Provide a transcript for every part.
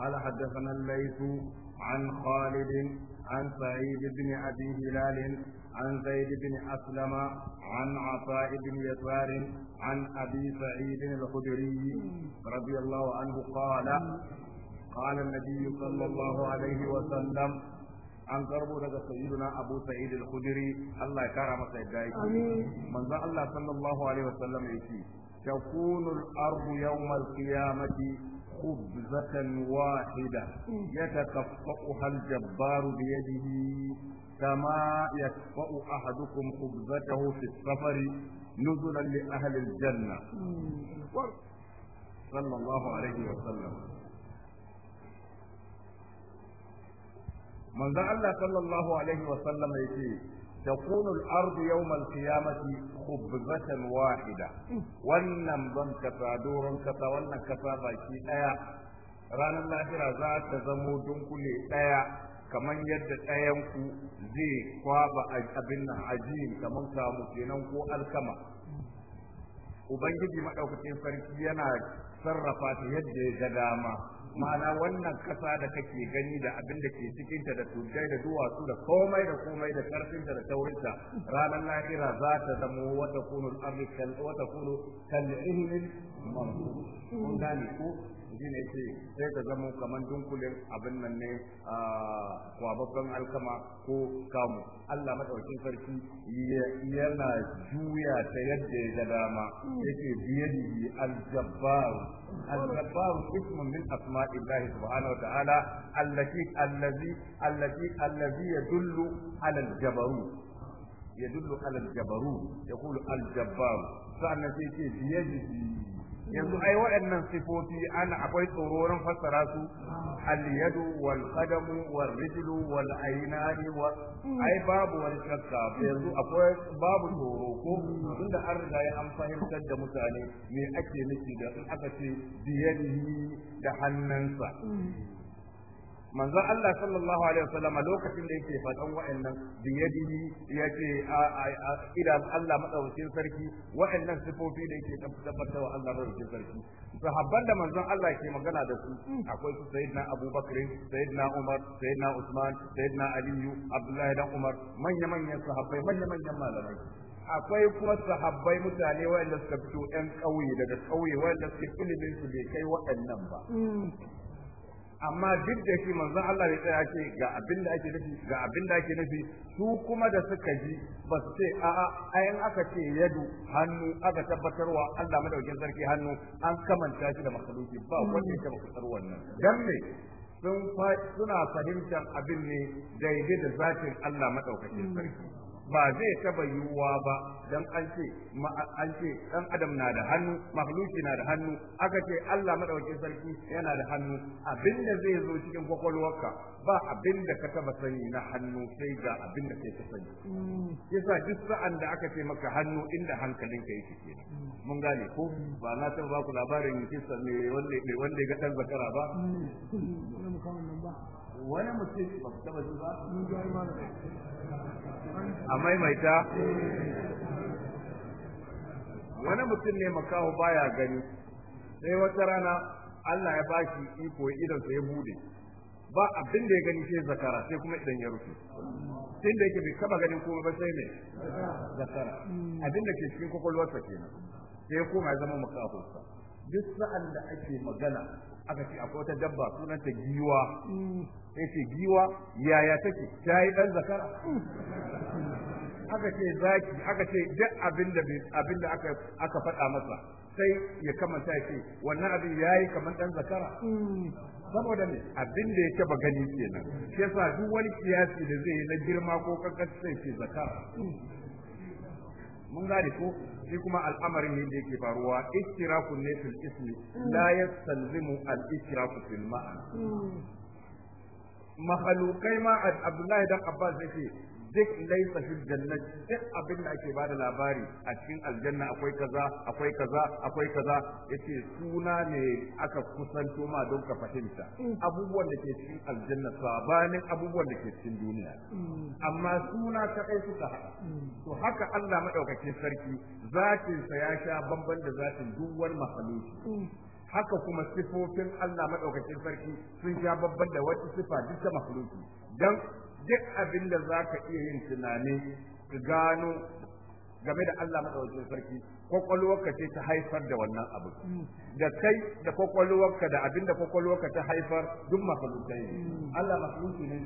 قال حدثنا الليث عن خالد عن سعيد بن أبي هلال عن زيد بن أسلم عن عطاء بن يسار عن أبي سعيد الخدري رضي الله عنه قال قال النبي صلى الله عليه وسلم an karbo daga sayyiduna abu sa'id al-khudri Allah ya kara masa yadda yake manzo Allah sallallahu alaihi wasallam yake takunu al-ardu yawm al-qiyamati خبزة واحدة يتكفأها الجبار بيده كما يكفأ أحدكم خبزته في السفر نزلا لأهل الجنة صلى الله عليه وسلم manzon Allah sallallahu alaihi wa sallam yace takunu al-ard yawm al-qiyamati khubzatan wahida wannan ban kasa kasa wannan kasa baki ɗaya ranar lahira za ta zamo dunkule ɗaya kamar yadda ɗayanku zai kwaba abin nan ajiyar kamar kamu kenan ko alkama ubangiji maɗaukacin sarki yana sarrafa ta yadda ya ga dama ma'ana wannan kasa da kake gani da abin da ke cikinta da tuddai da duwatsu da komai da komai da karfinta da ta ranar lahira za ta zamo wata kunul ardi wata kunu kal'ihmin mamdud kun gane ko shine ce sai ka zama kamar dunkulin abin nan ne a kwabakan alkama ko kamu Allah madaukakin sarki yana juya ta yadda ya ga dama yake biyadihi al-jabbar al-jabbar ismun min asma'illahi subhanahu wa ta'ala allati allazi allati allazi yadullu ala al-jabarut يدل على الجبروت يقول الجبار فأنا في بيده yanzu ai waɗannan sifofi ana akwai tsororin fassara su aliyadu wal qadamu wal rijlu wal aynani wa ai babu wani shakka yanzu akwai babu tsoro ko tunda an riga an fahimtar da mutane me ake nufi da in aka ce biyadihi da hannansa manzon Allah sallallahu alaihi wasallam lokacin da yake faɗan wa'annan biyadihi a idan Allah madaukakin sarki wa'annan sifofi da yake tabbatarwa Allah madaukakin sarki sahabban da manzon Allah ke magana da su akwai su sayyidina Abubakar, sayyidina Umar sayyidina Usman sayyidina Ali Abdullahi dan Umar manya manyan sahabbai manya manyan malamai akwai kuma sahabbai mutane wa'anda suka fito 'yan kauye daga ƙauye wa'anda suke ilimin su bai kai waɗannan ba mm. amma duk da shi manzon Allah ya tsaya ce ga abin da ake nufi ga abin da ake nufi su kuma da suka ji ba su ce a a ayan aka ce yadu hannu aka tabbatarwa Allah madaukin sarki hannu an kamanta shi da makhluki ba hmm. wanda yake makutar wannan dan me sun suna fahimtar abin ne daidai da zatin Allah madaukakin sarki ba zai taba yiwuwa ba dan an ce an ce dan adam na da hannu mahluki na da hannu aka ce Allah madaukakin sarki yana da hannu abinda zai zo cikin kwakwalwarka ba abinda ka taba sani na hannu sai ga abinda kai ka sani hmm. yasa duk sa'an da aka ce maka hannu inda hankalinka yake kenan hmm. mun gane ko hmm. ba na taba ba ku labarin kisa ne wanda wanda ga dan zakara ba wani mutum ba ku taba ji ba a maimaita wani mutum ne makaho baya gani sai wata rana Allah ya bashi iko ya idan sa ya bude ba abin da ya gani sai zakara sai kuma idan ya rufe tun da yake bai taba ganin komai ba sai ne zakara abin da ke cikin kwakwalwarsa kenan sai ya koma ya zama makaho duk sa'an da ake magana aka ce akwai wata dabba sunanta giwa mm. sai ce giwa yaya take ta yi dan zakara aka ce zaki aka ce duk abinda abinda aka aka faɗa masa sai ya kamanta ya ce wannan abin ya yi kamar dan zakara mm. saboda ne abin da ya taba gani kenan shi yasa duk wani kiyasi da zai yi na girma ko kankan sai ce zakara mm. mun gane ko shi kuma al'amarin ne da yake faruwa ittirafu ne fil ismi la yastalzimu al ittirafu fil ma'ana hmm. mahalukai ma Abdullahi dan Abbas yake duk laisa fi jannat duk abin da ake bada labari a cikin aljanna akwai kaza akwai kaza akwai kaza yace suna ne aka kusanto ma don ka fahimta abubuwan da ke cikin aljanna sabanin abubuwan da ke cikin duniya amma suna ta kadai suka haɗa to haka Allah madaukakin sarki zatin sa ya sha bamban da zatin duk haka kuma sifofin Allah madaukakin sarki sun sha babban da wata sifa duk da dan duk abin da za ka iya yin tunani ka gano game da Allah madaukakin sarki kwakwalwarka ce ta haifar da wannan abu da kai da kwakwalwarka da abin da kwakwalwarka ta haifar duk makhlukai ne Allah makhluki ne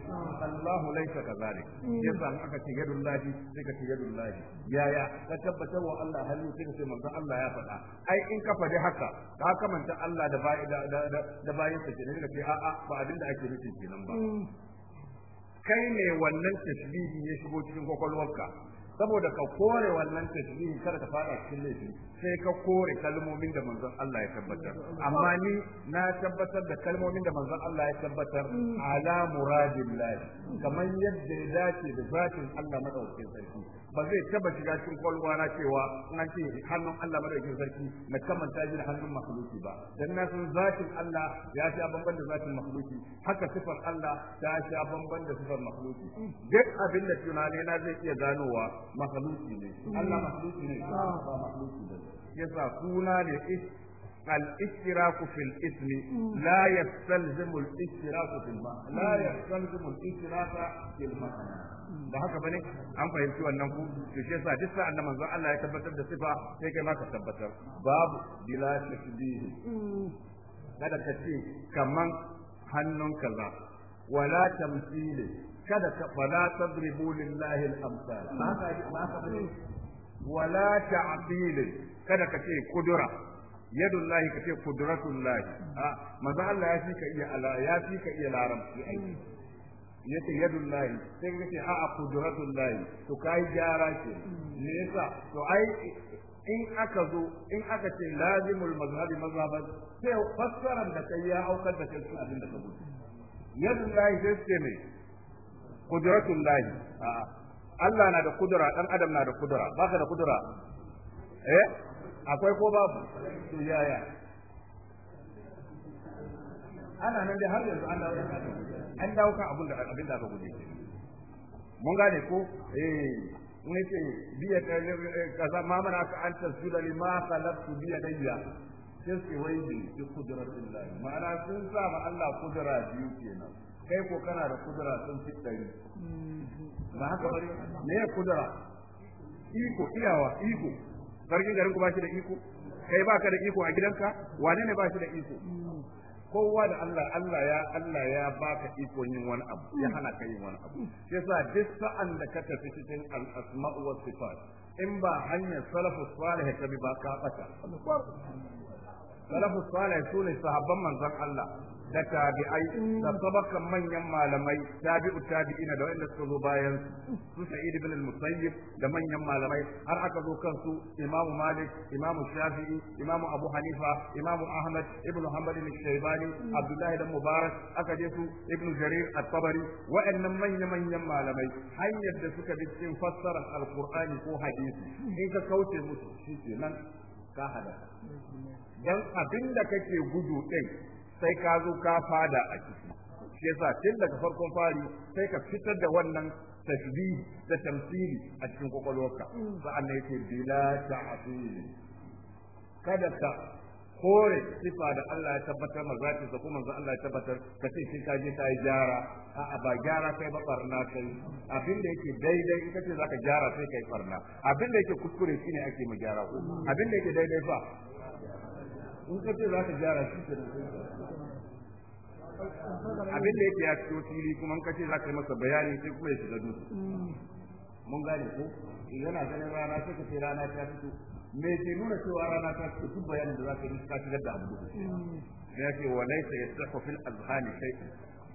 Allahu ka kazalik yasa an aka ce yadun laji sai ka ce yadul lahi yaya ka tabbatar wa Allah hannu sai ka ce manzo Allah ya faɗa ai in ka faɗi haka ka kamanta Allah da bayan sa ke ne ka ce a'a ba abin da ake nufi kenan ba kai ne wannan tasbihin ya shigo cikin kwakwalwarka saboda ka kore wannan tasbihin kada ka fada cikin laifi sai ka kore kalmomin da manzon Allah ya tabbatar amma ni na tabbatar da kalmomin da manzon Allah ya tabbatar ala muradin lahi kamar yadda ya dace da zatin Allah madaukakin sarki ba zai taba shiga cikin kwalwa na cewa na ce hannun Allah madaukakin sarki na kamanta ta jira hannun makhluki ba dan na san zatin Allah ya sha bamban da zatin makhluki haka sifar Allah ta sha bamban da sifar makhluki duk abin da tunani na zai iya ganowa makhluki ne Allah makhluki ne ba makhluki ba yasa suna ne الاشتراك في الاسم لا يستلزم الاشتراك في المعنى لا يستلزم الاشتراك في المعنى ba haka bane an fahimci wannan ku to shi yasa duk sa'an da manzon Allah ya tabbatar da sifa sai kai ma ka tabbatar babu bila tashbihi kada ka ce kaman hannun kaza wala tamthili kada ka fala tadribu lillahi al-amsal ba haka ba haka bane wala ta'til kada ka ce kudura yadullahi ka ce kudratullahi a ah, manzo Allah ya fi ka iya ala ya fi ka iya larabci aiki yace yadul lahi sai ga ce a'a qudratul lahi to kai gyara ce me yasa to ai in aka zo in aka ce lazimul mazhabi mazhaban sai fassaran da kai ya aukar da kai abin da ka gudu lahi sai ce me qudratul lahi Allah na da kudura dan adam na da kudura baka da kudura eh akwai ko babu to yaya ana nan dai har yanzu an dawo an dawo kan abin da abin da aka gode mun gane ko eh ne ce biya eh, eh, kaza ma mana ka an li ma khalaqtu bi yadayya sai su wai bi bi qudratin Allah ma'ana sun sa ma Allah kudura biyu kenan kai ko kana da kudura sun fi dari mm-hmm. ba haka bari ne ya kudura iko iyawa iko sarkin garin ku ba shi da iko kai ba ka da iko a gidanka wane ne ba shi da iko mm. kowa da Allah Allah ya Allah ya baka ikon yin wani abu ya hana ka yin wani abu yasa duk sa'an da ka tafi cikin al-asma'u was sifat in ba hanyar salafus salih ka bi ba ka bata salafus salih sune sahabban manzon Allah da tabi'ai da sabakan manyan malamai tabi'u tabi'ina da wanda suka zo bayan su sa'id ibn al-musayyib da manyan malamai har aka zo kansu imamu malik imamu shafi'i imamu abu hanifa imamu ahmad ibn hanbal ibn shaybani abdullahi ibn mubarak aka je su ibn jarir at-tabari wa'annan manyan manyan malamai hanyar da suka bi cikin fassara al-qur'ani ko hadisi in ka kauce musu shi nan ka hada dan abinda kake gudu din sai ka zo ka fada a ciki shi yasa tun daga farkon fari sai ka fitar da wannan tasbih da tamsili a cikin kwakwalwarka sa'an nan yake bila ta'asili kada ka kore sifa da Allah ya tabbatar maza ce da kuma Allah ya tabbatar ka ce sai ka je yi gyara a ba gyara kai ba barna kai abin da yake daidai ita ce zaka gyara sai kai barna abin da yake kuskure shine ake mu gyara ko abin da yake daidai fa in ka ce zaka gyara shi ke abin da yake ya fito fili kuma ka ce za ka yi masa bayani sai kuma ya shiga dutse mun gane ko eh, yana ganin rana sai ka ce rana ta fito me ke nuna cewa rana ta fito duk bayanin da za ka yi ka shigar da abu duhu ya ce wa laisa tsaka fil azhani sai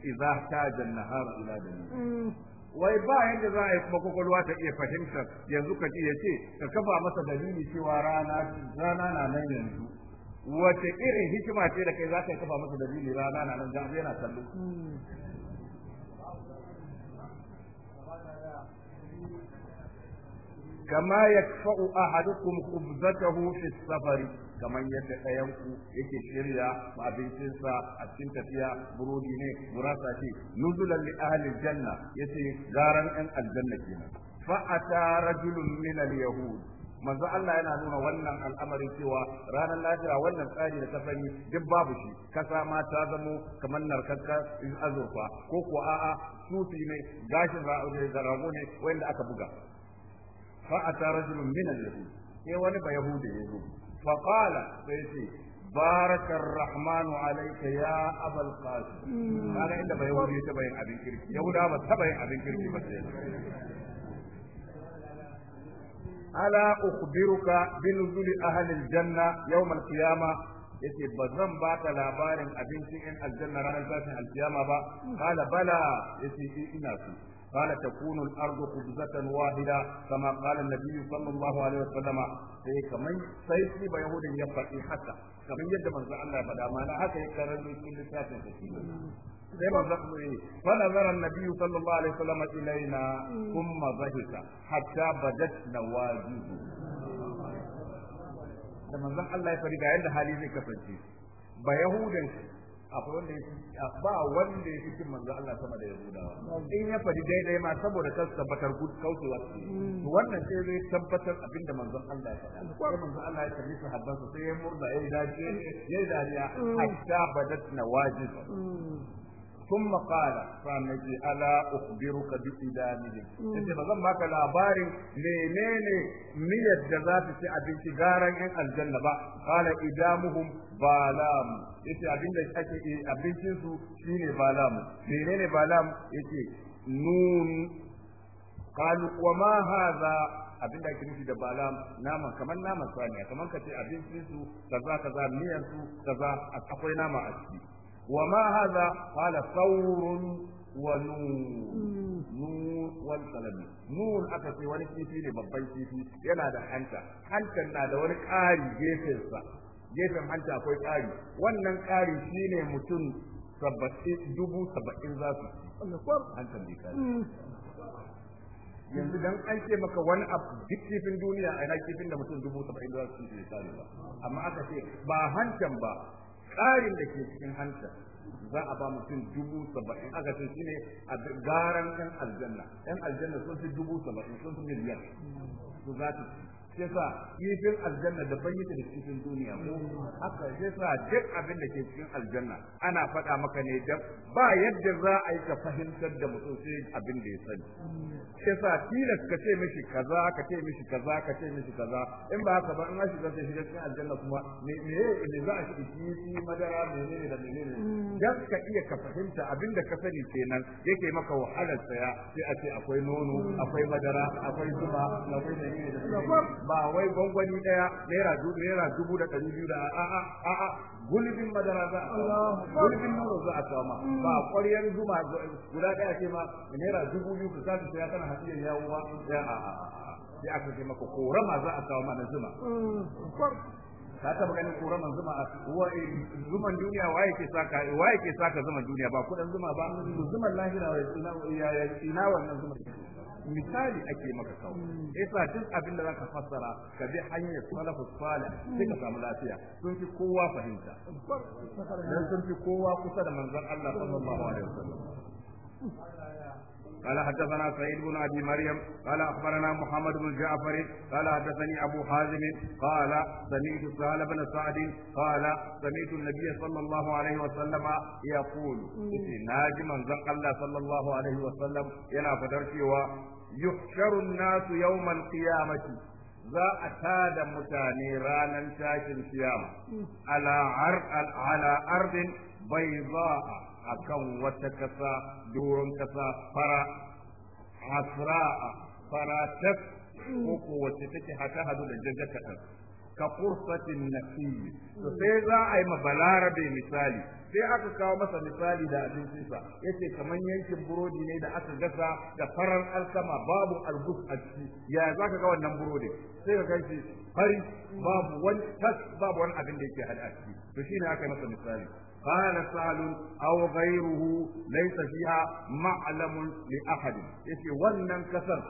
idza taja an-nahar ila dalil wai ba yadda za a yi kuma kwakwalwa ta iya fahimtar yanzu ka ce ya ce ka kafa masa dalili cewa rana na nan yanzu wace irin hikima ce da kai za ka kafa masa dalili rana na nan jamu yana kallo kama yakfa'u ahadukum khubzatahu fi safari kamar yadda ɗayanku yake shirya abincinsa a cikin tafiya burodi ne burasa ce nuzulan li ahli janna yace garan ɗan aljanna kenan fa ata rajulun min al manzo Allah yana nuna wannan al'amari cewa ranar lafiya wannan tsari da ta sani duk babu shi kasa ma ta zamo kamar narkarka azurfa ko ko a'a sufi ne gashin eh, rago ne wanda aka buga fa ata rajulun min al-yahud sai wani ba yahudi ya fa qala sai ce بارك الرحمن عليك inda ba yahudi ta bayin abin kirki yahuda ba ta bayin abin kirki ba sai ala ukhbiruka bi nuzuli ahli aljanna yawm alqiyama yace bazan ta labarin abincin yan aljanna ranar tashin alkiyama ba qala bala yace eh, ina so قال تكون الارض قبضة واحدة كما قال النبي صلى الله عليه وسلم sai kamar sai shi ba yahudin ya faɗi haka kaman yadda manzo Allah ya faɗa mana haka ya karanta cikin littafin sa sai manzo fa nazara annabi sallallahu alaihi wasallam ilaina kuma zahika hatta na nawajibu da manzon Allah ya fari ga yadda hali zai kasance ba yahudan akwai wanda ya ba wanda ya cikin manzo Allah sama da Yahudawa in ya fari daidai ma saboda kan tabbatar gud kaucewa ce wannan sai zai tabbatar abinda manzon Allah ya faɗa ko manzon Allah ya su sahabban su sai ya murna ya dace ya dariya hatta na nawajib ثم قال فنجي ألا أخبرك بإدامهم إذا بزن باك لاباري منين مية جزات في أبنك غارا إن الجنة با ba إدامهم بالام yace abin da ake abincin su shine balam menene balam yace nun qalu wa ma hadha abin da ake nufi da bala nama kamar nama saniya kamar ka ce abincin kaza kaza miyan kaza akwai nama a ciki وما هذا قال ثور ونور نور wal نور nur aka ce wani kifi ne babban kifi yana da hanta hantan na da wani ƙari gefen sa gefen hanta akwai ƙari wannan ƙari shine mutum dubu saba'in yanzu dan an maka wani abu duk kifin duniya a kifin da mutum dubu saba'in za su ba amma aka ce ba hantan ba tsarin da ke cikin hanta za a ba mutum dubu saba'in aka ce shine a garan yan aljanna yan aljanna sun fi dubu saba'in sun fi miliyan su za su yasa kifin aljanna da bayyana da cikin duniya ko haka yasa duk abin da ke cikin aljanna ana faɗa maka ne dan ba yadda za a yi ka fahimtar da mutum sai abin da ya sani yasa tilas ka ce mishi kaza ka ce mishi kaza ka ce mishi kaza in ba haka ba in shi zai shiga cikin aljanna kuma me me ne za a shiga kifi madara menene da menene dan ka iya ka fahimta abin da ka sani kenan yake maka wahalar saya sai a ce akwai nono akwai madara akwai zuba akwai menene da menene ba wai gwangwani daya naira dubu naira dubu da ɗari biyu da a'a a'a gulbin madara za a gulbin nono za a samu mm. ba ƙwaryar zuma guda daya ce ma naira dubu biyu ku sake sai kana hafiya ya uwa ya a'a sai aka ce maka korama za a kawo na zuma mm. ka taba ganin koraman zuma a eh, zuman duniya waye ke saka waye ke saka zuman duniya ba kudin zuma ba zuman lahira ya ina wannan zuma misali ake maka kawo yasa duk abin da zaka fassara ka bi hanyar salafu salih sai ka samu lafiya sun fi kowa fahimta dan sun fi kowa kusa da manzon Allah sallallahu alaihi wasallam قال حدثنا سعيد بن ابي مريم قال اخبرنا محمد بن جعفر قال حدثني ابو حازم قال سمعت سهل بن سعد قال سمعت النبي صلى الله عليه وسلم يقول ناجي من الله صلى الله عليه وسلم ينا فدرتي يحشر الناس يوم القيامه za a tada mutane ranar tashin kiyama ala ardin bai za'a akan wata kasa doron kasa fara hasra'a fara tas ko wacce take haka hadu da jaja kadan ka fursatin nasiyi to sai za a yi ma bai misali sai aka kawo masa misali da abincinsa yace kamar yankin burodi ne da aka gasa da farar alkama babu albus a ciki ya za ka ga wannan burodi sai ka ganshi fari babu wani tas babu wani abin da yake hada a ciki to shine aka yi masa misali Hala salun auwai ruhu laifasiya ma'alamun la'ahadi. Ya ce wannan kasar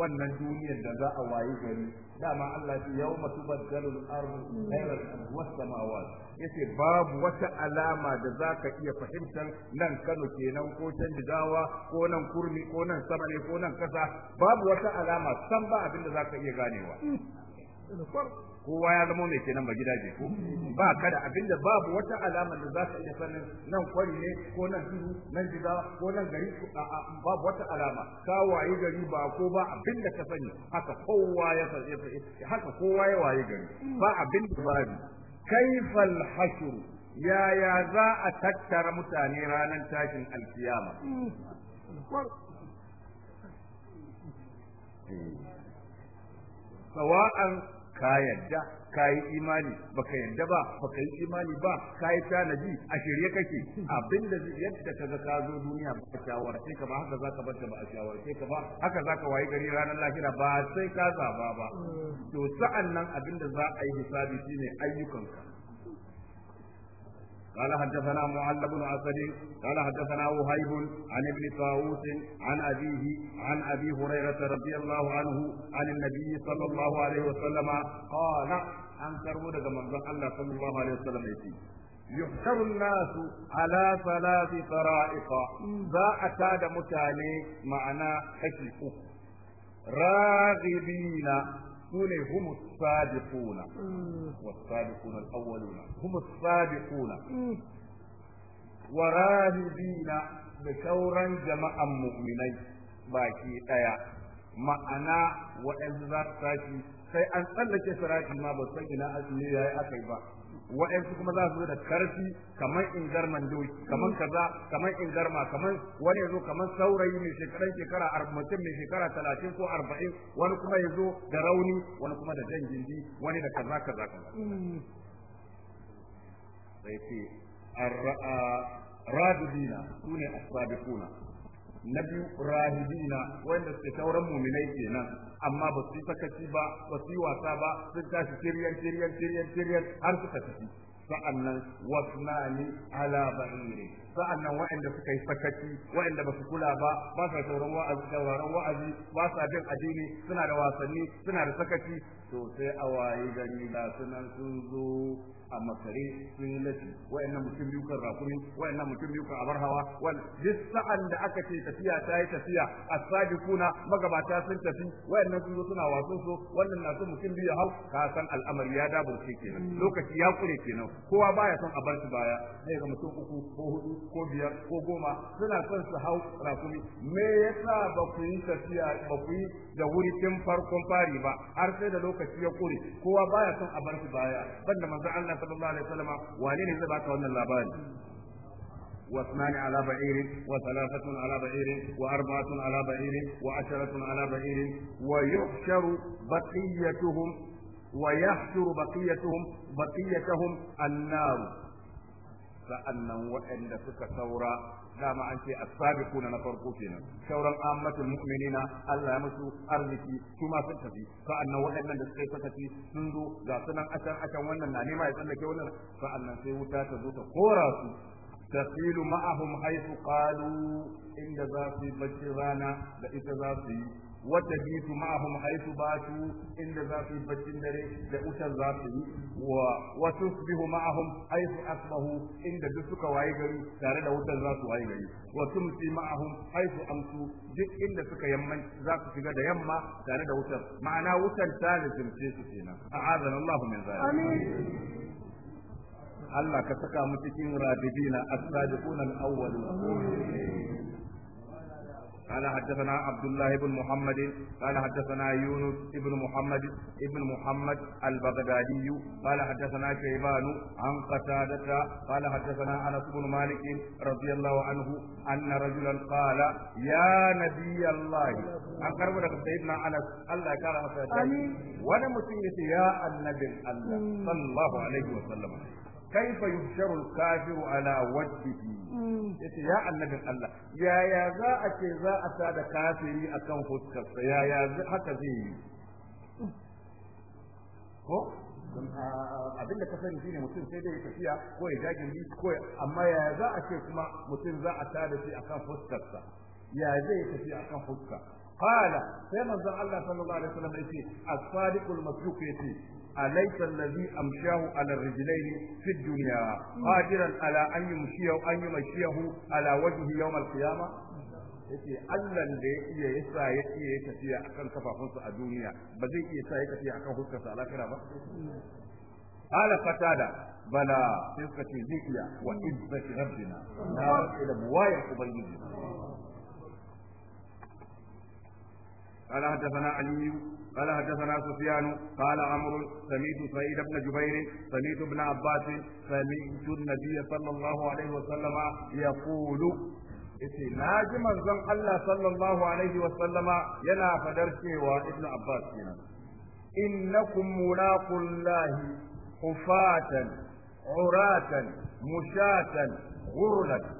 wannan duniyar da za a wayi gari, dama Allah ya ce yauma su ba galun ƙayar a wasu da babu wata alama da zaka iya fahimtar nan Kano kenan nan, ko canzawa, ko nan kurmi, ko nan sama-ne, ko nan ƙasa, babu wata alama san ba abin da za ka iya ganewa. kowa ya zama mai kenan ba gidaje ko ba kada abinda babu wata alama da za ka iya sanin nan kwari ne ko nan tudu nan gida ko nan gari babu wata alama ka waye gari ba ko ba abinda ka sani haka kowa ya sani haka kowa ya waye gari ba abinda babu kaifal hashr yaya za a tattara mutane ranar tashin alkiyama eh. sawa'an ka yadda ka yi imani baka yadda ba baka yi imani ba ka yi tanaji a shirye kake abinda yadda ka zo duniya ba a shawarce ka ba haka za ka bar ba a shawarce ka ba haka za ka wayi gari ranar lahira ba sai ka zaba ba mm. to sa'an nan abinda za a yi hisabi shine ayyukanka قال حدثنا معل بن اسد قال حدثنا وهيب عن ابن طاووس عن ابيه عن ابي هريره رضي الله عنه عن النبي صلى الله عليه وسلم قال عن كرمه من الله صلى الله عليه وسلم يتي يحشر الناس على ثلاث طرائق ذا أتاد متاني معنى حشي راغبين sune humu sabiquna was-sabiquna al-awwaluna sabiquna wa da sauran jama'an mu'minai baki daya ma'ana waɗansu za su tashi sai an tsallake sirati ma ba san ina azumi yayi akai ba wa'ansu kuma za su zo da karfi kamar garman doki kamar kaza kamar garma kamar wani yazo kamar saurayi mai shekaran shekara arba'in mai shekara talatin ko arba'in wani kuma yazo da rauni wani kuma da jan gindi wani da kaza kaza kaza sai ce radidina sune as-sabiquna na biyu rahidina wanda suke sauran muminai kenan amma ba su yi sakaci ba ba su yi wasa ba sun tashi tiryan tiryan tiryan tiryan har suka tafi sa'annan wasnani ala ba'iri sa'annan waɗanda suka yi sakaci waɗanda ba su kula ba ba sa sauran wa'azi sauraron wa'azi ba sa bin addini suna da wasanni suna da sakaci sosai a waye gari sunan sun zo a makare sun yi lati wayannan mutum biyu kan rakumi wayannan mutum biyu kan abar hawa duk sa'an da aka ce tafiya ta yi tafiya sadi sadikuna magabata sun tafi wayannan sun zo suna wasu so wannan na so mutum biyu hau ka san al'amari ya daburce kenan lokaci ya kure kenan kowa baya son a bar shi baya sai ga mutum uku ko hudu ko biyar ko goma suna son su hau rakumi me yasa ba ku yi tafiya ba ku yi da wuri tun farkon fari ba har sai da lokaci ya kure kowa baya son a bar shi baya banda manzo Allah sallallahu alaihi wasallam wane ne zai baka wannan labari واثنان على بعير وثلاثة على بعير وأربعة على بعير وعشرة على بعير ويحشر بقيتهم ويحشر بقيتهم بقيتهم النار sa'annan waɗanda suka saura dama an ce as na farko kenan sauran ammatul mu'minina Allah ya musu arziki su ma sun tafi sa'annan waɗannan da suka sakaci sun zo ga sunan acan acan wannan na nema ya tsallake wannan sa'annan sai wuta ta zo ta kora su tafilu ma'ahum haythu qalu inda za su yi bacci rana da ita za su yi wadda bitu ma'ahum haitu batu inda za su yi baccin dare da wutar za su yi wa wasu bihu ma'ahum haitu asbahu inda duk suka waye gari tare da wutar za su waye gari wa tumsi ma'ahum haitu amsu duk inda suka yamman za su shiga da yamma tare da wutar ma'ana wutar ta lizimce kenan a'azana Allah Allah ka saka mu cikin rabibina as-sabiquna al قال حدثنا عبد الله بن محمد قال حدثنا يونس بن محمد بن محمد البغدادي قال حدثنا شيبان عن قتادة قال حدثنا انس بن مالك رضي الله عنه ان رجلا قال يا نبي الله an karbo daga sayyidina Anas Allah ya kara masa wani mutum yace ya annabin Allah sallallahu alaihi wa sallam kaifa yusharu al-kafiru ala wajhihi yace ya annabin Allah yaya za a ce za a sa da kafiri akan fuskarsa yaya haka zai yi ko abinda ka sani shine mutum sai dai tafiya ko ya jagiri ko amma yaya za a ce kuma mutum za a tada shi akan fuskarsa ya zai tafi akan fuska qala sai manzon Allah sallallahu alaihi wasallam yace as-sadiqul masduq yace أليس الذي أمشاه على الرجلين في الدنيا قادرا على أن يمشيه أن يمشيه على وجهه يوم القيامة yake Allah da ya iya ya sa ya iya ya tafiya akan kafafunsa a duniya ba zai iya sa ya tafiya akan huskarsa a lakira ba ala fatada bala sai suka ce zai iya wa izzati rabbina na wace da buwayar ubangiji قال حدثنا علي قال حدثنا سفيان قال عمرو سميت سعيد بن جبير سميت بن عباس سميت النبي صلى الله عليه وسلم يقول ناجي من زن الله صلى الله عليه وسلم ينا فدرسي وابن عباس إنكم ملاق الله حفاة عراة مشاة غرلا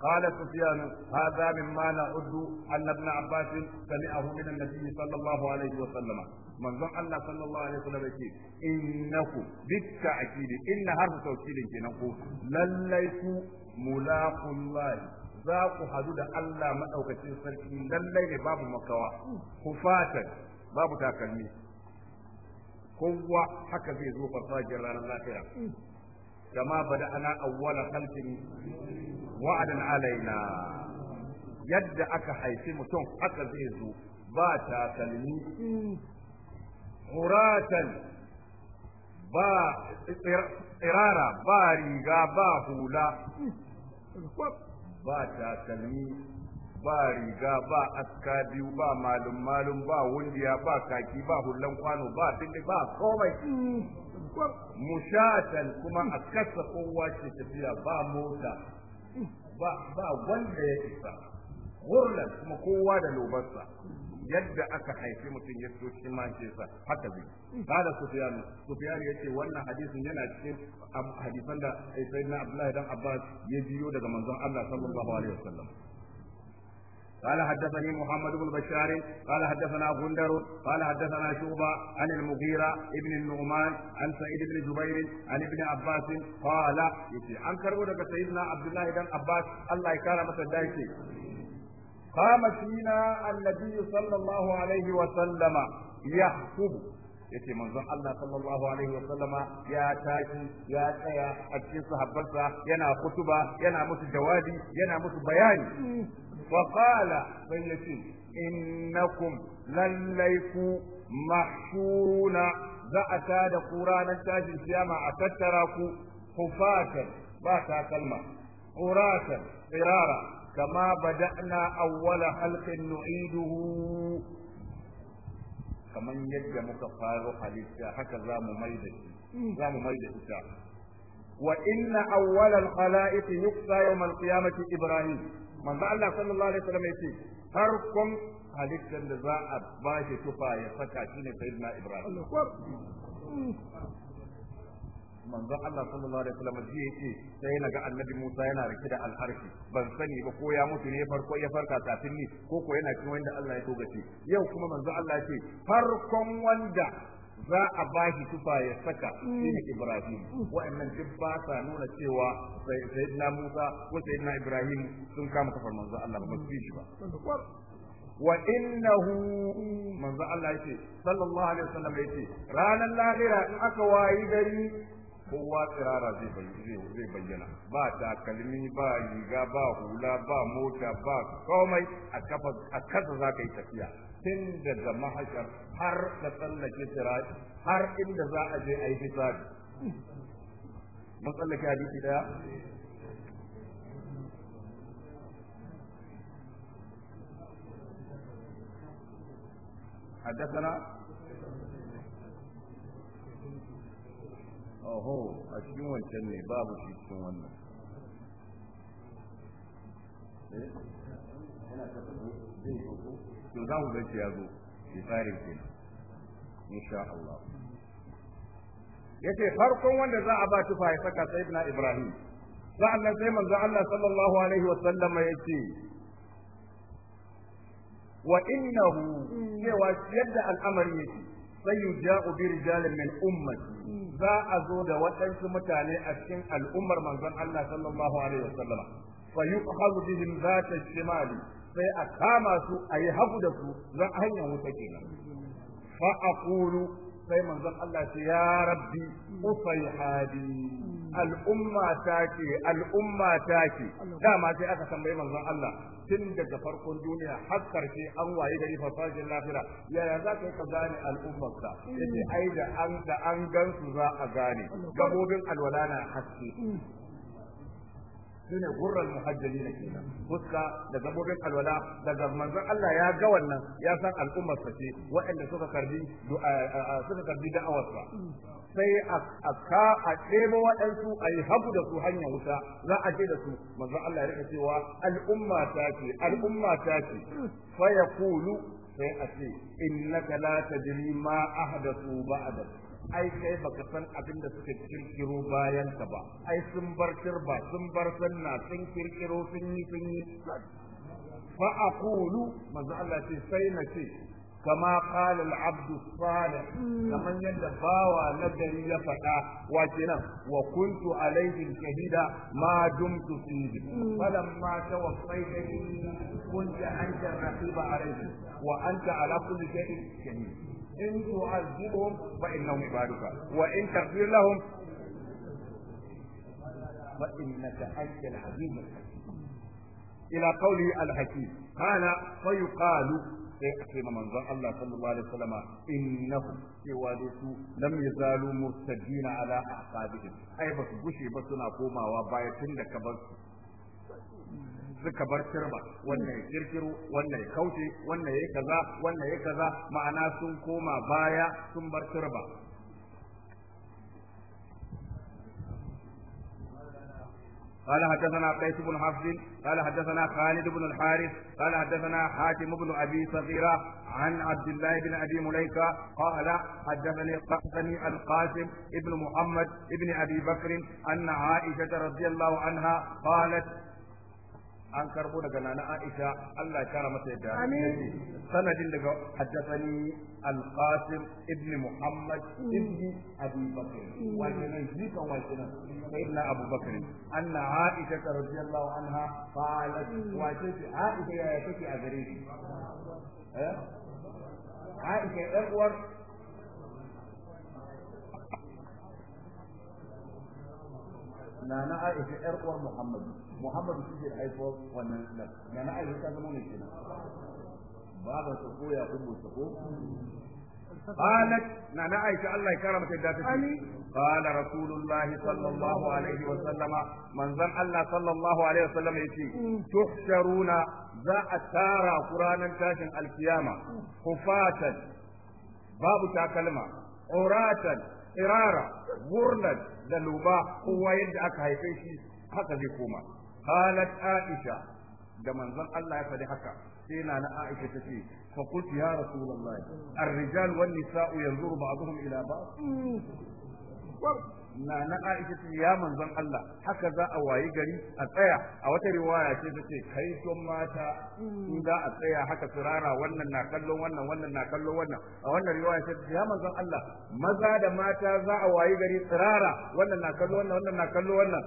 قال سفيان هذا مما نعد أن ابن عباس سمعه من النبي صلى الله عليه وسلم من ظن الله صلى الله عليه وسلم يقول إنه بالتأكيد إن هذا توكيد كنقول لليس ملاق الله ذاك حدود الله ما أوكتين سركين للي باب مكوى خفاتا باب تاكلمي kowa haka zai zo farfajiyar ranar lafiya كما ba da ana وعدا علينا يد alaina yadda aka haifi mutum باتا zai zo ba tsirara ba riga ba hula ba takalmi ba riga ba aska biyu ba malum malum ba wundiya ba kaki ba hulan kwano ba dindi ba komai mushatan kuma a kasa kowa ce tafiya ba mota ba wanda ya isa hurlan kuma kowa da lobarsa yadda aka haifi mutum ya so shi sa haka zai kada sufiyanu sufiyanu ya ce wannan hadisin yana cikin um, hadisan da sayyidina abdullahi dan abbas ya biyo daga manzon allah sallallahu alaihi wasallam قال حدثني محمد بن بشار قال حدثنا غندر قال حدثنا شعبة عن المغيرة ابن النعمان عن سعيد بن جبير عن ابن عباس قال عن كربونك سيدنا عبد الله بن عباس الله يكرمه سدايتي قام فينا النبي صلى الله عليه وسلم يخطب yace manzon Allah sallallahu alaihi wa sallama ya tashi ya tsaya a cikin sahabbansa yana kutuba yana musu jawabi yana musu bayani وقال بيتي إنكم لليكو محشورون زأتا دقوران تاج القيامة أكتراكو خفاة باتا كلمة عراة قرارا كما بدأنا أول خلق نعيده kaman yadda muka faro halitta haka za mu mai da shi za mu mai da ita wa inna awwala al-khalaiq yuqsa yawm al-qiyamati ibrahim manzo Allah sallallahu alaihi wasallam yace farkon halittar da za a ba shi tufa ya saka shine sayyidina Ibrahim manzon Allah sallallahu alaihi wasallam ji yace sai naga annabi Musa yana rike da al'arshi ban sani ba ko ya mutu ne farko ya farka kafin ni ko ko yana cikin wanda Allah ya togace yau kuma manzon Allah yace farkon wanda za a ba shi tufa ya saka shine mm. Ibrahim wa'annan duk ba sa nuna cewa sayyidina Musa ko sayyidina Ibrahim sun kama kafar manzo Allah ba su shi ba wa innahu manzo Allah yake sallallahu alaihi wasallam yake ranar lahira in aka wayi gari kowa tsirara zai bayyana ba takalmi ba riga ba hula ba mota ba komai a kasa za ka yi tafiya tun daga mahashar har ka tsallake sirati har inda za a je a yi fitsari mun tsallake hadisi daya حدثنا a cikin na ne babu shi cikin wannan eh yana tafi ya zo bifarin kenan insha Allah yace farkon wanda za a ba tufa ya saka sayyidina Ibrahim sa'annan sai manzo Allah sallallahu alaihi wa sallama yace wa innahu cewa yadda al'amari yake sai yuja'u bi rijalin min ummati za a zo da waɗansu mutane a cikin al'ummar manzon Allah sallallahu alaihi wa sallama fa yuqhazu bihim zata shimali sai a kama su a yi haku da su zan hanyar wuta kenan fa aqulu sai manzon Allah ce ya rabbi usai hadi al'umma ta ke, al'umma ta ke. dama sai aka tambayi manzon Allah tun daga farkon duniya har karshe an waye gari fasashin lafira yaya za ka yi ka gane al'ummarka yace ai da an da an gansu za a gane gabobin alwala na haske ne gurral muhajjalina kenan fuska da gabobin alwala daga manzon Allah ya ga wannan ya san al'ummar sa ce waɗanda suka karbi suka karbi da'awar sa sai a ka a ɗebo waɗansu a yi habu da su hanyar wuta za a je da su manzon Allah ya rika cewa al'umma ta ce al'umma ta ce fa yaqulu sai a ce innaka la tadri ma ahdathu ba'dak ai kai baka san abin da suka kirkiro bayan ka ba ai sun bar kirba sun bar sanna sun kirkiro sun yi sun yi fa aqulu manzo Allah ce sai na ce kama qala al abdu salih hmm. kaman yadda bawa nagari ya faɗa wa kenan wa kuntu alaihim shahida ma dumtu fihi hmm. falamma tawaffaytani kunta anta raqiba alaihim wa anta ala kulli shay'in shahid إن تعذبهم فإنهم عبادك وإن تغفر لهم فإنك أنت Ila الحكيم إلى قوله الحكيم قال فيقال sai a ce manzon Allah sallallahu alaihi wasallam innahu cewa da su lam yazalu murtadina ala aqabihim ai ba su gushe ba suna komawa baya tun da ka bar su suka bar shirba wannan ya kirkiro wannan ya kauce wannan ya kaza wannan ya kaza ma'ana sun koma baya sun bar shirba قال حدثنا قيس بن حفص قال حدثنا خالد بن الحارث قال حدثنا حاتم بن ابي صغيرة عن عبد الله بن ابي مليكه قال حدثني حدثني القاسم بن محمد بن ابي بكر ان عائشه رضي الله عنها قالت an karbo daga nana Aisha Allah ya kara masa yadda sanadin daga haddathani al-Qasim ibn Muhammad mm. ibn Abi Bakr mm. wa kana jika wa kana sayyidina Abu Bakr anna Aisha radhiyallahu anha qalat mm. wa jati Aisha ya take a gare shi eh Aisha ɗan uwar nana Aisha ɗan uwar Muhammad Muhammadu su ke haifo wannan nan na na ayyuka ta zama ne ke nan ba da su koya kun na na aisha Allah ya kara mata da ta ce qala rasulullahi sallallahu alaihi wa sallama manzon Allah sallallahu alaihi wa sallama yace tuhsharuna za a tara qur'anan tashin alkiyama kufatan babu ta kalma uratan irara burnat da luba kowa yadda aka haife shi haka zai koma qalat aisha da manzon Allah ya faɗi haka sai na na aisha tace fa qult ya rasulullahi ar-rijal wan nisa'u yanzuru ba'dhum ila ba'd na aisha ce ya manzon Allah haka za a wayi gari a tsaya a wata riwaya ce ta ce kai mata in za a tsaya haka turara wannan na kallon wannan wannan na kallon wannan a wannan riwaya ce ya manzon Allah maza da mata za a wayi gari turara wannan na kallon wannan wannan na kallon wannan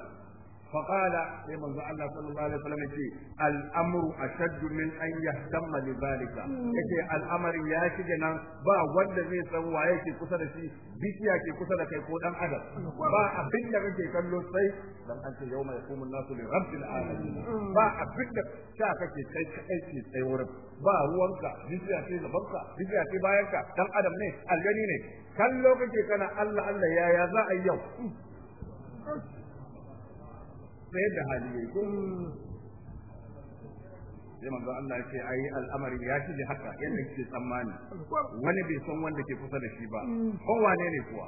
فقال لما الله صلى الله عليه وسلم يقول الأمر أشد من أن يهتم لذلك يقول الأمر ياشي جنا با ود زي سوى يكي كسر شي بيتيا كي كسر كي قول أم أدب با أبن لغن كي كلو سي لم أنت يوم يقوم الناس لرب العالمين با أبن لغن شاكا كي كي كي كي كي ورب با ruwanka jijiya ce gabanka jijiya ce bayanka dan adam ne aljani ne kan lokaci kana Allah Allah yaya za a yau sai da hali yayi kun sai manzo Allah ya ce ayi al'amari ya da haka yadda kike tsammani wani bai san wanda ke kusa da shi ba mm. kowa ne ne kuwa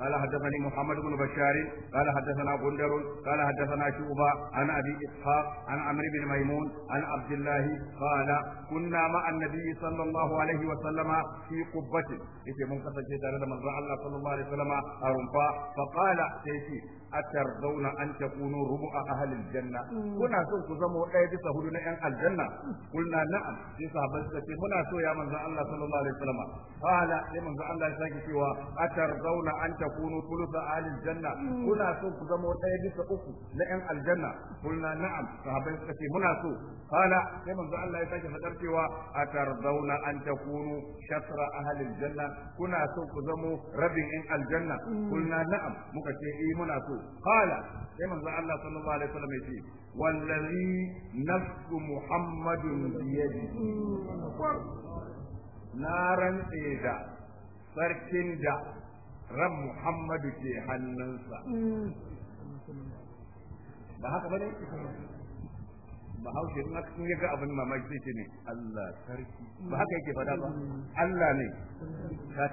قال حدثني محمد بن بشار قال حدثنا بندر قال حدثنا شعبة عن أبي إسحاق عن عمرو بن ميمون عن عبد الله قال كنا مع النبي صلى الله عليه وسلم في قبة إذا من قصد الله صلى الله عليه وسلم أرنفا فقال سيتي atarzauna an takunu rubu'a ahlil janna kuna son ku zama ɗaya bisa hudu na yan aljanna kulna na'am sai sahabbai suka ce muna so ya manzon Allah sallallahu alaihi wasallam qala sai manzon Allah ya sake cewa atarzauna an takunu thulutha ahlil janna kuna son ku zama ɗaya bisa uku na yan aljanna kulna na'am sahabbai suka ce muna so qala sai manzon Allah ya sake fadar cewa atarzauna an takunu shatra ahlil janna kuna son ku zama rabin yan aljanna kulna na'am muka ce eh muna so qala sai manzo Allah sallallahu alaihi wasallam yace wallazi nafsu muhammadin na rantse da sarkin da ran muhammadu ce ne Allah sarki ba haka kuma ka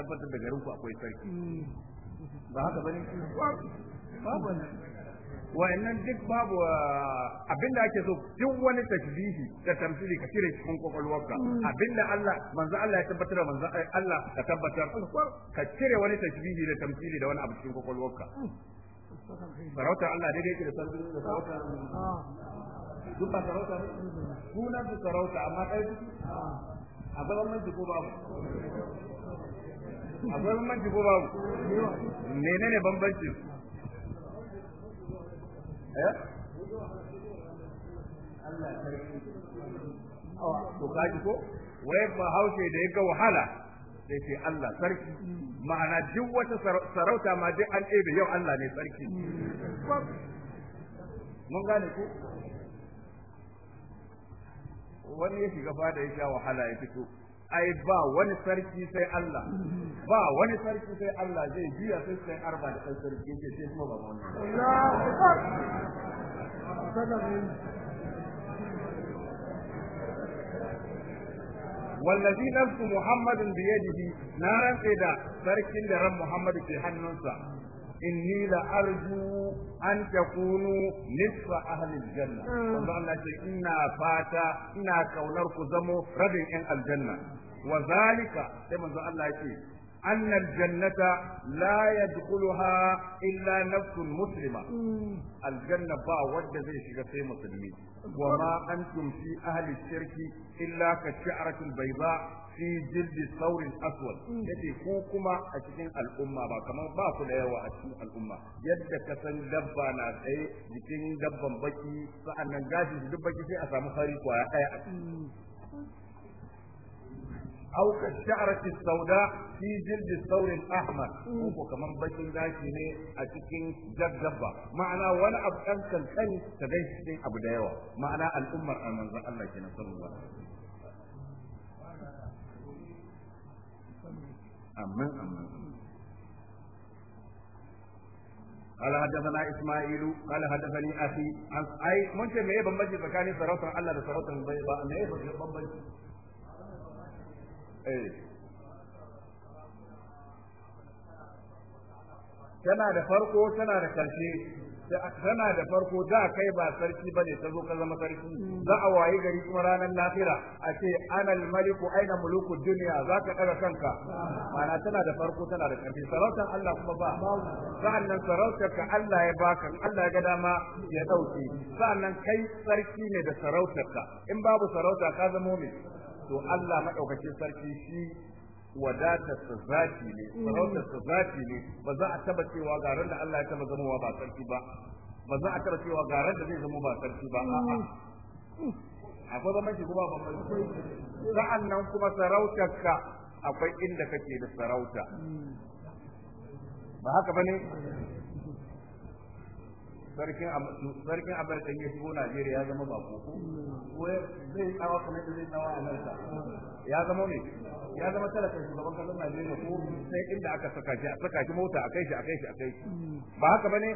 tabbatar da garin akwai sarki ba haka bane babu ne. wa'annan duk babu ah, abinda ake so duk wani tashbihi da tamsili ka cire cikin kwakwalwarka mm. abinda Allah manzo Allah ya tabbatar manzo eh, Allah ka tabbatar ka cire wani tashbihi da tamsili da wani abu cikin kwakwalwarka sarauta Allah daidai yake da sarauta duk ba sarauta ne sunan sarauta amma kai a gaban mai ko babu akwai bambanci ko babu menene bambanci eh to kaji ko wai ba da ya ga wahala sai ce Allah sarki ma'ana duk wata sarauta ma duk an ebe yau Allah ne sarki mun gane ku wani ya shiga fada ya sha wahala ya fito ai ba wani sarki sai Allah ba wani sarki sai Allah zai biya sai sai arba da sai sarki ke sai kuma ba wani wallazi nafsu muhammadin biyadihi na rantsa da sarkin da ran muhammadu ke hannunsa inni la arju an takunu nisfa ahli aljanna mm. manzo Allah ce ina fata ina kaunar ku zamo rabin yan aljanna Wazalika zalika sai manzo Allah ce anna aljannata la yadkhuluha illa nafsun muslima mm. aljanna ba wanda zai shiga sai musulmi wa an antum fi ahli shirki illa ka sha'ratil bayda fi jildi saurin aswad mm. yace ko kuma a cikin al'umma ba kamar ba ku da yawa a cikin al'umma yadda ka san dabba na tsaye jikin dabban baki sa'annan gashi duk baki sai a samu fari kwaya daya a أو كالشعرة mm. Sauda fi jirgin saurin Ahmad mm. ko kamar bakin gashi ne a cikin dabba ma'ana wani abu ɗan kankani ka gaishe abu da yawa ma'ana al'ummar a manzon Allah na sallallahu alaihi أمن أمن قال حدثنا اسماعيل قال حدثني اخي عن اي من ce meye bambanci tsakanin sarautar Allah da sarautar bai ba da farko tana da karshe tana da farko da kai ba sarki bane ta zo ka zama sarki za a wayi gari kuma ranar lafira a ce anal maliku aina muluku duniya za ka ɗaga kanka mana tana da farko tana da karfi sarautar Allah kuma ba sa'annan sarautar ka Allah ya baka Allah ya ga dama ya ɗauke sa'annan kai sarki ne da sarautar ka in babu sarauta ka zama mu'min to Allah madaukakin sarki shi wadatarsa zafi ne mm. sarautarsa zafi ne ba za a taba cewa garin da Allah ya taba zamowa ba sarki ba ba za a taba cewa garin da zai zama ba sarki ba mm. a'a akwai shi kuma bambanci sa'an nan kuma sarautar ka akwai inda kake da sarauta mm. ba haka bane sarkin sarkin abarkan ya shigo Najeriya ya zama bako ko zai tsawa kamar da zai tsawa a Amurka ya zama ne ya zama su shugaban kasar Najeriya ko sai inda aka saka shi a saka shi mota a kai shi a kai shi a kai shi ba haka ne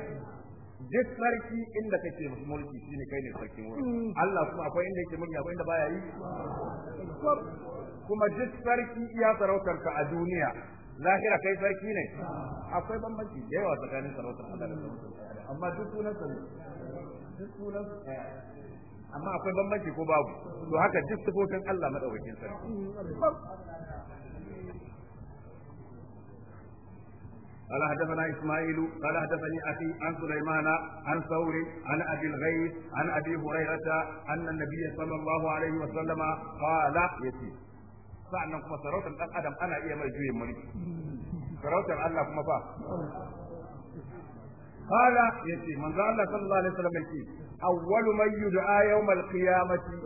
duk sarki inda kake mulki shine kai ne sarkin wurin Allah kuma akwai inda yake mulki akwai inda baya yi kuma duk sarki iya sarautarka a duniya lahira kai sarki ne akwai bambanci da yawa tsakanin sarautar Allah da sarautar amma duk sunan sa duk sunan amma akwai bambanci ko babu to haka duk sifofin Allah madaukakin sarki قال حدثنا اسماعيل قال حدثني اخي عن سليمان عن ثور عن ابي الغيث عن ابي هريره ان النبي صلى الله عليه وسلم قال يتي sa'annan kuma sarautar dan adam ana iya mai juyin mulki sarautar Allah kuma fa qala yace manzo Allah sallallahu alaihi wasallam yace awwalu man yud'a yawm al-qiyamati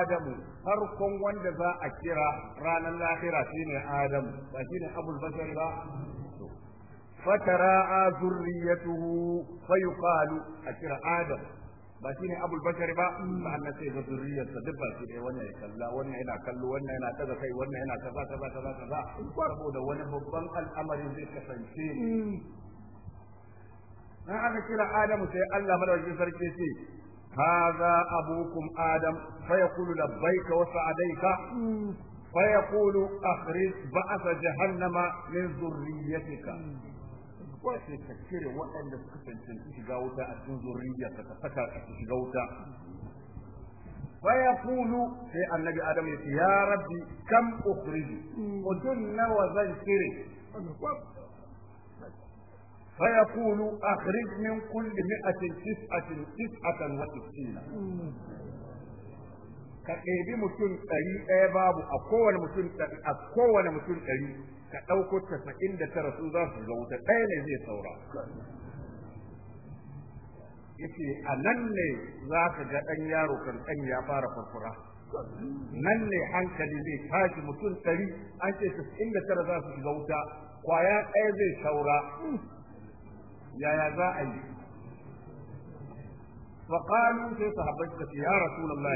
adamu farkon wanda za a kira ranar lahira shine adamu ba shine abul bashar ba فتراءى ذريته فيقال kira آدم ba shi ne abul bashari ba ba an sai ga zuriyar duk ba shi ne wannan ya kalla wannan yana kallo wannan yana kaza kai wannan yana kaza kaza kaza kaza saboda wani babban al'amari zai kasance dan aka kira Adamu sai Allah madaukakin sarki ce Adam هذا أبوكم آدم فيقول لبيك وسعديك فيقول أخرج بأس جهنم من ذريتك wace ka cire waɗanda suka cancanci shiga wuta a cikin zurriya ka saka su shiga wuta فيقول في النبي آدم يا ربي كم أخرج وجن وذنكر فيقول أخرج من كل مئة تسعة تسعة وتسعين ka ɗebi mutum ɗari ɗaya babu a kowane mutum ɗari a kowane mutum ɗari ka ɗauko tasa'in da tara su za su shiga ta ɗaya ne zai saura yace a nan ne za ka ga ɗan yaro kan ɗan ya fara farfura nan ne hankali zai tashi mutum ɗari an ce tasa'in da tara za su shiga kwaya ɗaya zai saura yaya za a yi فقالوا في صحابتك يا رسول الله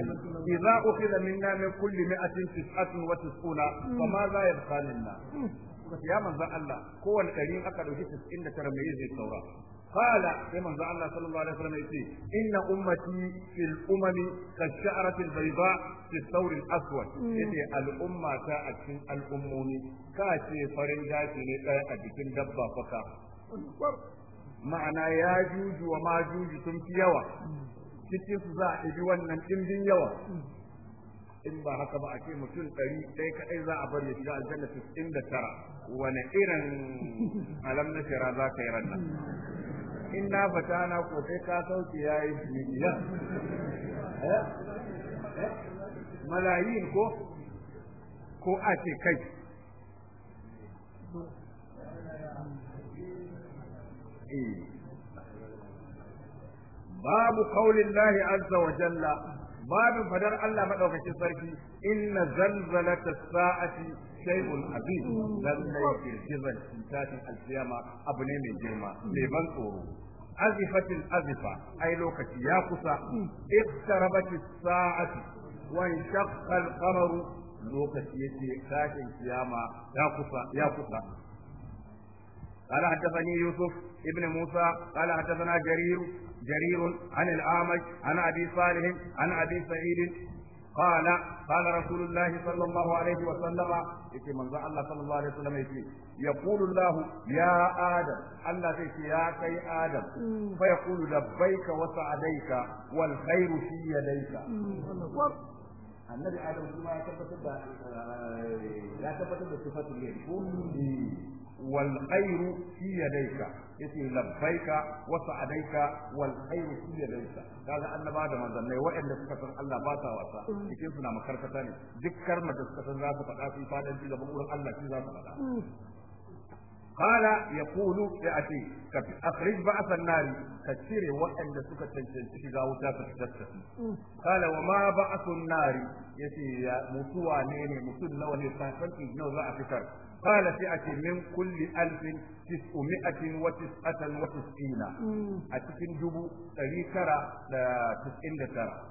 إذا أخذ منا من كل مئة تسعة وتسعون فماذا يبقى لنا يا من ذا الله هو الكريم أكد وجدت إن ترميز التوراة قال يا من ذا الله صلى الله عليه وسلم يقول إن أمتي في الأمم كالشعرة البيضاء في الثور الأسود إذا الأمة تاءت الأمون كاتي فرنجاتي لأجل دبا فكا ma'ana ya juju wa ma juju sun fi yawa cikin su za a bi wannan ɗimbin yawa in ba haka ba a ce mutum ɗari ɗaya kaɗai za a bar ya shiga aljanna da tara wani irin alam na shira za ka yi rannan in na fata na ko sai ka sauke ya yi miliyan eh? eh? malayin ko ko a ce kai babu kaulin lahi azza wa jalla babu fadar Allah madaukakin sarki inna zalzalata sa'ati shay'un azim lallai girgizan tashin alkiyama abu ne mai girma mai ban tsoro azifatil azifa ai lokaci ya kusa iqtarabat as-sa'atu wa inshaqqa al-qamaru lokaci yake tashin kiyama ya kusa ya kusa قال حدثني Yusuf? ابن موسى قال حدثنا جرير جرير عن الأعمش عن أبي صالح عن أبي سعيد قال قال رسول الله صلى الله عليه وسلم يتي من الله صلى الله عليه وسلم يتي يقول الله يا آدم الله يتي يا كي آدم فيقول لبيك وسعديك والخير في يديك النبي آدم كما tabbatar da ya tabbatar da sifatul yadi wal khairu fi yadayka yace labbaika wa sa'adaika wal khairu fi yadayka kaga annaba da manzannai waɗanda suka san Allah ba ta wasa cikin suna makarkata ne duk karma da suka san za su faɗa su fadan ci gaban Allah shi za su faɗa قال يقول يأتي أخرج بعث النار كثير وأن سكة تنشي غاوتا فتشتت قال وما بعث النار يتي مطوى نيني مطوى نوى نيسان فانتي نوى قال فئة من كل ألف تسعمائة وتسعة وتسعين أتكن جبو تريكرا تسعين لترا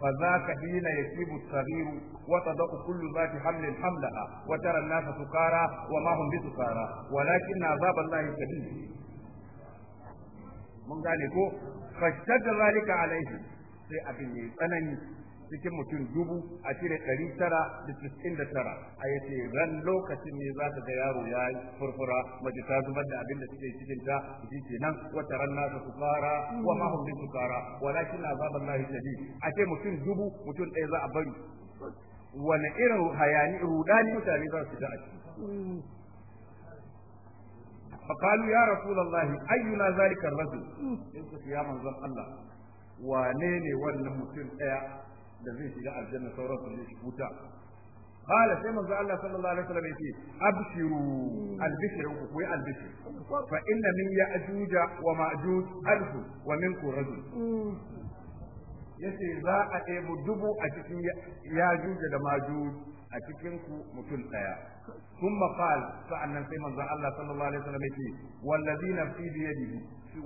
فذاك حين يسيب الصغير وتضع كل ذات حمل حملها وترى الناس سكارى وما هم بسكارى ولكن عذاب الله شديد من ذلك فاشتد ذلك عليه sai abin ya cikin mutum dubu a cire ɗari tara da cikin da tara a ce ran lokacin ne za ta ga yaro ya yi furfura mace ta zubar da abin da suke cikin ta shi nan wata ran su fara wa ma hum bi sukara walakin azaballahi shadid a ce mutum dubu mutum ɗaya za a bari wani irin hayani rudani mutane za su a ciki faqalu ya rasulullahi ayyuna zalika ar-rajul in ya manzon Allah wane ne wannan mutum da zai shiga aljanna sauran su zai shiga wuta قال سيما الله صلى الله عليه وسلم يتي أبشروا البشر وكوي البشر فإن من يأجوج ومأجوج ألف ومنكم رجل yace za a ɗebo dubu a cikin yajuja da majuj a cikin ku mutum daya kuma qal sa'annan sai manzon Allah sallallahu alaihi wasallam yake wallazi nafsi bi yadihi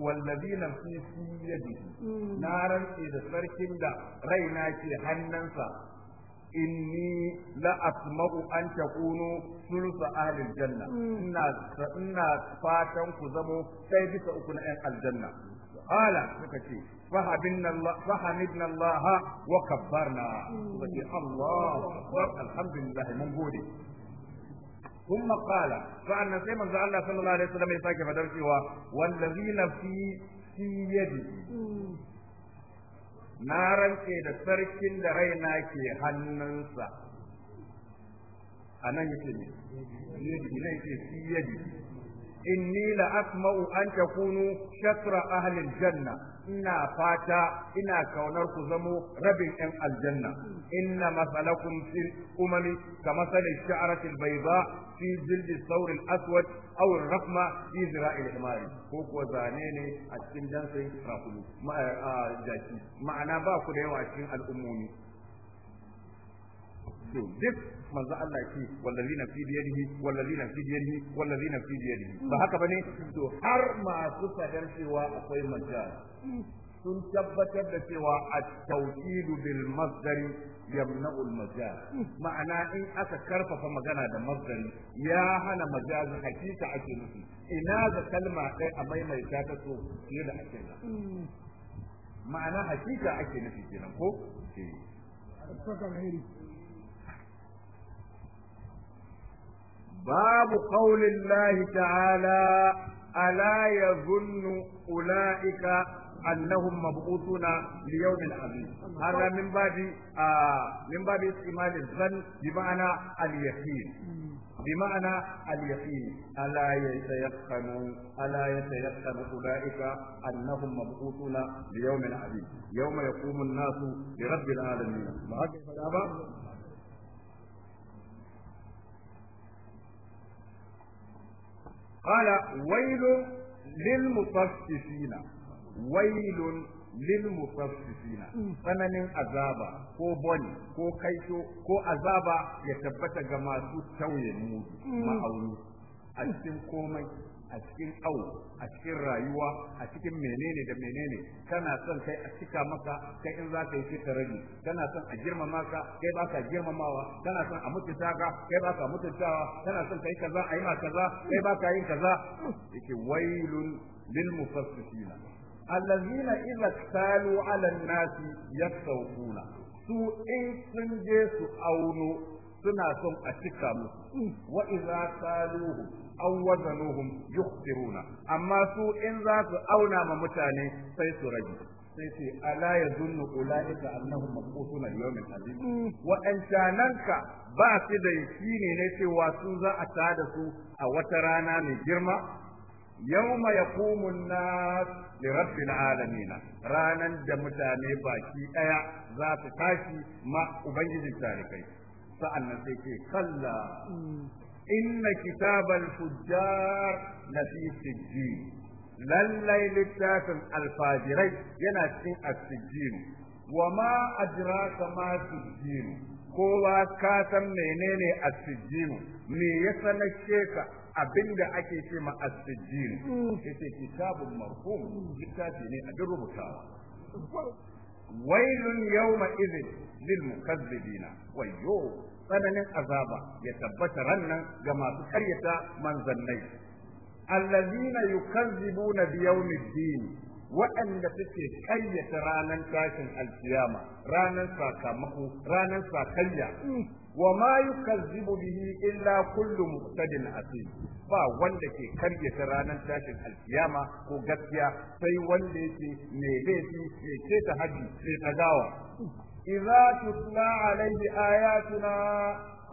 wallazi nafsi fi yadihi mm. na rantsi da sarkin da raina ke hannansa inni la asma'u an takunu sulusa ahlil janna mm. ina ina fatan ku zamo sai bisa uku na yan aljanna qala suka ce فحمدنا الله فحمدنا الله وكبرنا الله اكبر الحمد لله من غودي ثم قال فأنا سيما الله صلى الله عليه وسلم يساك فدرسي والذي نفسي في يدي na rantse da sarkin da raina ke hannunsa a nan yake ne yadi nan yake fi yadi inni la asma'u an takunu shatra ahli aljanna ina fata ina kaunar ku zamo rabin yan aljanna inna masalakum fil umami kamathali ash-sha'rati al fi jildi saurin aswad aw ar-raqma fi zira'i al ko kuwa zane ne a cikin dansin rakulu eh, ma'ana ba ku da yawa a cikin al'ummomi duk manzo Allah ki wallazina fi yadihi wallazina fi yadihi wallazina fi yadihi ba haka bane to har masu sadar cewa akwai majal sun tabbatar da cewa at-tawhid bil masdar yamna'u al-majaz ma'ana in aka karfafa magana da masdar ya hana majaz hakika ake nufi ina ga kalma kai a maimaita ta so fiye da ake nufi. ma'ana hakika ake nufi kenan ko eh. باب قول الله تعالى ألا يظن أولئك أنهم مبعوثون ليوم عظيم هذا من باب آه من باب استعمال الظن بمعنى اليقين بمعنى اليقين ألا يتيقن ألا يتيقن أولئك أنهم مبعوثون ليوم عظيم يوم يقوم الناس لرب العالمين ما هكذا قال ويل للمطففين ويل للمطففين tsananin azaba ko boni ko kaito ko azaba ya tabbata ga masu tauye mudu ma'auni a cikin komai a cikin awo a cikin rayuwa a cikin menene da menene kana son kai a cika maka kai in za ka yi fita rabi kana son a girmama ka kai ba ka girmamawa kana son a mutunta ka kai ba ka mutuntawa kana son kai kaza a yi ma kaza kai ba ka yi kaza yake wailun lil mufassifina allazina idza kalu ala an-nasi yastawquna su in sun je su auno suna son a cika musu wa idza saluhu aw wazanuhum yukhsiruna amma su in za su auna ma mutane sai su rage sai ce ala yazunnu ulaika annahum maqutuna yawmin azim wa an ba su da yakini ne cewa su za a ta da su a wata rana mai girma yawma yaqumu an-nas li rabbil alamin ranan da mutane baki daya za su tashi ma ubangijin tarikai sa'annan sai ce kalla mm. inna kitabal fujjar na fi lallai littafin alfajirai yana cikin asijjin wa ma a ajraka ma sijjin kowa ka menene asijjin me ya sanake ka abinda ake ce ma asijjin mm. ce kitabun marhum littafi ne a duk rubutawa wailun yawma idhin lil mukazzibina wayyo tsananin azaba ya tabbata rannan ga masu karyata manzannai allazina yukazzibuna bi yawmiddin waɗanda suke karyata ranar tashin alkiyama ranar sakamako ranar sakayya وما يكذب به illa kullum sadin أثيم ba wanda ke karyata ranar tashin alkiyama ko gaskiya sai wanda yake mai laifi mai keta haji mai tagawa idza tutla alaihi ayatuna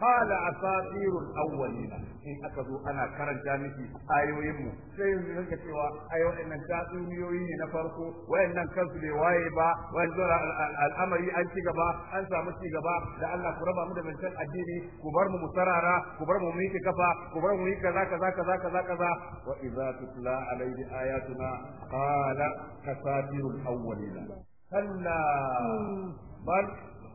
qala asatirul awwalina in aka zo ana karanta miki ayoyin mu sai yanzu ka cewa ai waɗannan tatsuniyoyi ne na farko waɗannan kansu bai waye ba wannan al'amari an ci gaba an samu ci gaba da Allah ku raba mu da zancen addini ku bar mu musarara ku bar mu miki kafa ku bar mu yi kaza kaza kaza kaza kaza wa idza tutla alayhi ayatuna qala kasatirul awwalina kalla hmm. bal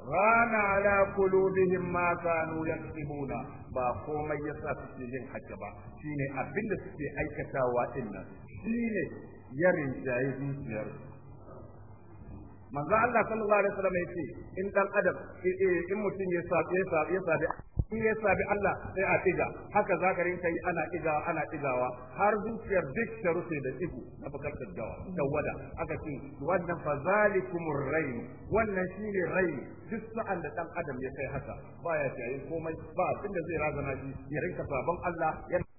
rana ala qulubihim ma kanu yaktubuna ba komai yasa suke yin hajji ba shine abinda suke aikatawa din nan shine ya rinjaye zuciyar manzo Allah sallallahu alaihi wasallam yace in dan adam in mutum ya sa ya sa ya in ya sabi Allah sai a ɗiga haka zakarin kai ana ɗigawa ana ɗigawa har zuciyar duk ta rufe da ɗigo na bakar daddawa tawada aka ce wannan fa zalikumur rain wannan shine rain duk sa'an da dan adam ya kai haka baya yayin komai ba abin da zai razana shi ya rinka sabon Allah yana